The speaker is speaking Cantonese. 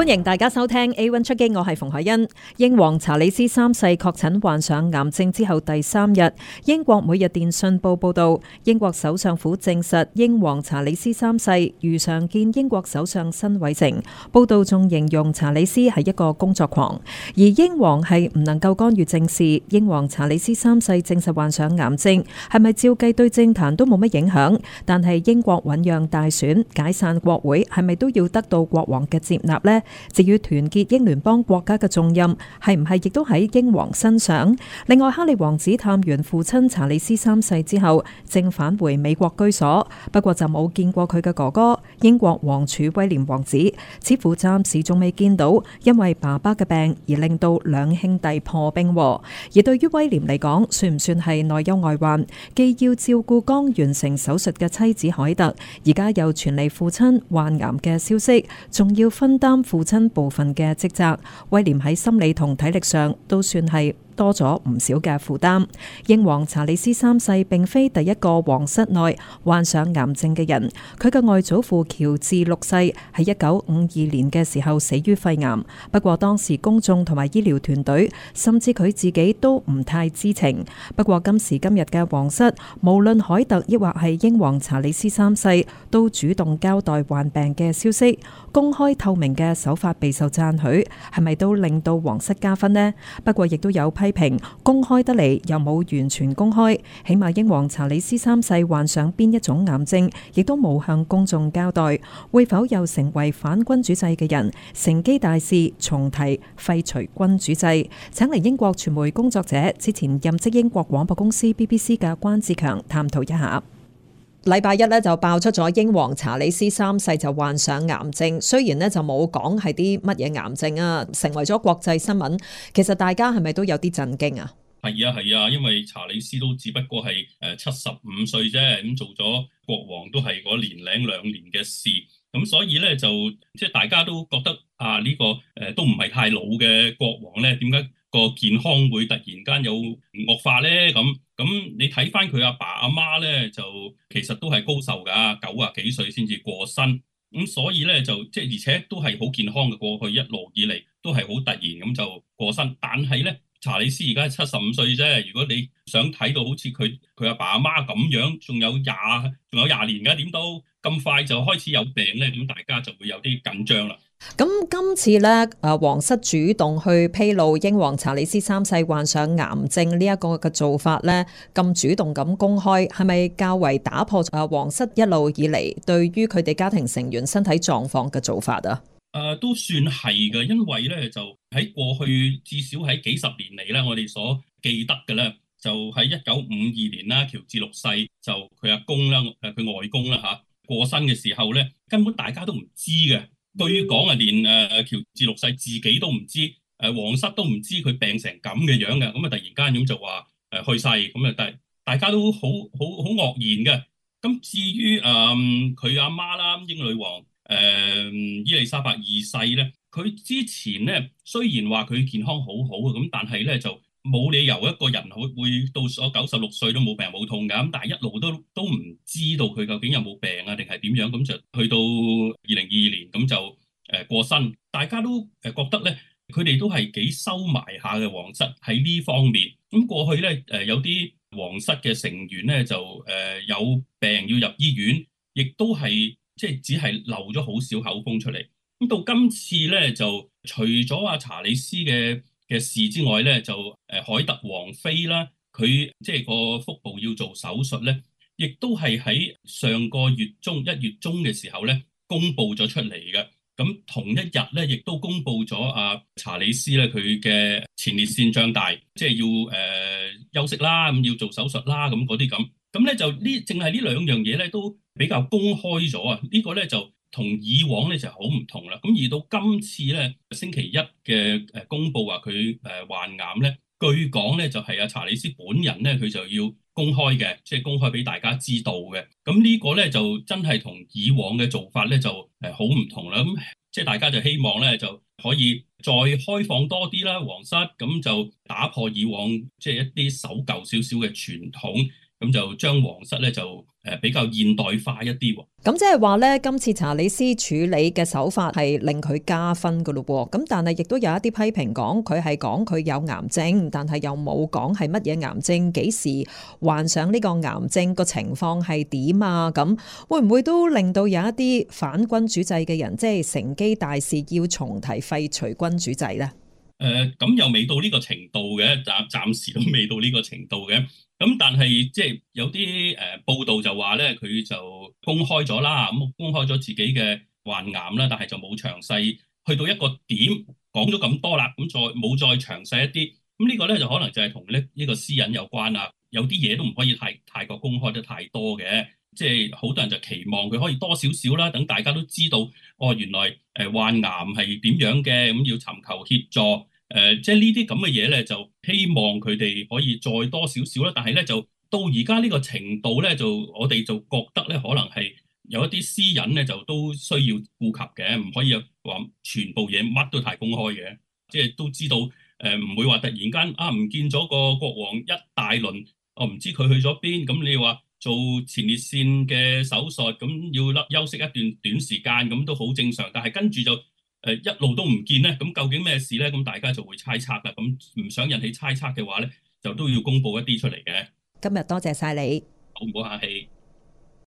歡迎大家收聽 A1 出擊，我係馮凱欣。英皇查理斯三世確診患上癌症之後第三日，英國每日電訊報報道，英國首相府證實英皇查理斯三世如常見英國首相辛偉誠。報道仲形容查理斯係一個工作狂，而英皇係唔能夠干預政事。英皇查理斯三世證實患上癌症，係咪照計對政壇都冇乜影響？但係英國醞釀大選、解散國會，係咪都要得到國王嘅接納呢？至於團結英聯邦國家嘅重任係唔係亦都喺英王身上？另外，哈利王子探完父親查理斯三世之後，正返回美國居所，不過就冇見過佢嘅哥哥英國王儲威廉王子，似乎暫時仲未見到，因為爸爸嘅病而令到兩兄弟破冰。而對於威廉嚟講，算唔算係內憂外患？既要照顧剛完成手術嘅妻子凱特，而家又傳嚟父親患癌嘅消息，仲要分擔父父親部分嘅職責，威廉喺心理同體力上都算係多咗唔少嘅負擔。英皇查理斯三世並非第一個皇室內患上癌症嘅人，佢嘅外祖父喬治六世喺一九五二年嘅時候死於肺癌。不過當時公眾同埋醫療團隊，甚至佢自己都唔太知情。不過今時今日嘅皇室，無論凱特抑或係英皇查理斯三世，都主動交代患病嘅消息，公開透明嘅手法備受讚許。係咪都令到皇室加分呢？不過亦都有批。批評公開得嚟又冇完全公開，起碼英王查理斯三世患上邊一種癌症，亦都冇向公眾交代，會否又成為反君主制嘅人，乘機大肆重提廢除君主制，請嚟英國傳媒工作者，之前任職英國廣播公司 BBC 嘅關志強探討一下。禮拜一咧就爆出咗英王查理斯三世就患上癌症，雖然咧就冇講係啲乜嘢癌症啊，成為咗國際新聞。其實大家係咪都有啲震驚啊？係啊係啊，因為查理斯都只不過係誒七十五歲啫，咁做咗國王都係個年零兩年嘅事，咁所以咧就即係大家都覺得啊呢、這個誒、呃、都唔係太老嘅國王咧，點解個健康會突然間有惡化咧？咁咁你睇翻佢阿爸阿媽咧，就其實都係高壽㗎，九啊幾歲先至過身。咁所以咧就即係而且都係好健康嘅，過去一路以嚟都係好突然咁就過身。但係咧查理斯而家係七十五歲啫。如果你想睇到好似佢佢阿爸阿媽咁樣，仲有廿仲有廿年㗎，點都咁快就開始有病咧？咁大家就會有啲緊張啦。咁今次咧，誒，皇室主動去披露英王查理斯三世患上癌症呢一個嘅做法咧，咁主動咁公開，係咪較為打破咗皇室一路以嚟對於佢哋家庭成員身體狀況嘅做法啊？誒，都算係嘅，因為咧就喺過去至少喺幾十年嚟咧，我哋所記得嘅咧，就喺一九五二年啦，喬治六世就佢阿公啦，誒，佢外公啦吓過身嘅時候咧，根本大家都唔知嘅。據講啊，連誒喬治六世自己都唔知，誒王室都唔知佢病成咁嘅樣嘅，咁啊突然間咁就話誒、呃、去世，咁啊但大家都好好好愕然嘅。咁至於誒佢阿媽啦，英女王誒、嗯、伊麗莎白二世咧，佢之前咧雖然話佢健康好好好嘅，咁但係咧就。冇理由一個人會會到咗九十六歲都冇病冇痛噶，咁但係一路都都唔知道佢究竟有冇病啊，定係點樣？咁就去到二零二二年，咁就誒過身。大家都誒覺得咧，佢哋都係幾收埋下嘅皇室喺呢方面。咁過去咧，誒有啲皇室嘅成員咧就誒有病要入醫院，亦都係即係只係漏咗好少口風出嚟。咁到今次咧就除咗阿查理斯嘅。嘅事之外咧，就誒凱、呃、特王妃啦，佢即係個腹部要做手術咧，亦都係喺上個月中一月中嘅時候咧，公布咗出嚟嘅。咁同一日咧，亦都公布咗阿、啊、查理斯咧，佢嘅前列腺脹大，即係要誒、呃、休息啦，咁要做手術啦，咁嗰啲咁。咁咧就呢，淨係呢兩樣嘢咧，都比較公開咗啊！這個、呢個咧就。同以往咧就好唔同啦，咁而到今次咧星期一嘅誒公佈話佢誒患癌咧，據講咧就係阿查理斯本人咧佢就要公開嘅，即係公開俾大家知道嘅。咁呢個咧就真係同以往嘅做法咧就誒好唔同啦。咁即係大家就希望咧就可以再開放多啲啦，皇室咁就打破以往即係一啲守舊少少嘅傳統。咁就將皇室咧就誒比較現代化一啲喎、哦。咁即係話咧，今次查理斯處理嘅手法係令佢加分嘅咯喎。咁但係亦都有一啲批評，講佢係講佢有癌症，但係又冇講係乜嘢癌症，幾時患上呢個癌症，個情況係點啊？咁會唔會都令到有一啲反君主制嘅人，即係乘機大肆要重提廢除君主制咧？誒、呃，咁又未到呢個程度嘅，暫暫時都未到呢個程度嘅。 咁但係即係有啲誒報道就話咧，佢就公開咗啦，咁公開咗自己嘅患癌啦，但係就冇詳細去到一個點，講咗咁多啦，咁再冇再詳細一啲，咁呢個咧就可能就係同呢呢個私隱有關啦。有啲嘢都唔可以太太過公開得太多嘅，即係好多人就期望佢可以多少少啦，等大家都知道，哦，原來誒患癌係點樣嘅，咁要尋求協助。即係呢啲咁嘅嘢咧，就希望佢哋可以再多少少啦。但係咧，就到而家呢個程度咧，就我哋就覺得咧，可能係有一啲私隱咧，就都需要顧及嘅，唔可以話全部嘢乜都太公開嘅。即係都知道，誒、呃、唔會話突然間啊唔見咗個國王一大輪，我、啊、唔知佢去咗邊。咁你話做前列腺嘅手術，咁要唞休息一段短時間，咁都好正常。但係跟住就。誒一路都唔見咧，咁究竟咩事咧？咁大家就會猜測啦。咁唔想引起猜測嘅話咧，就都要公布一啲出嚟嘅。今日多謝晒你。好，唔好客氣。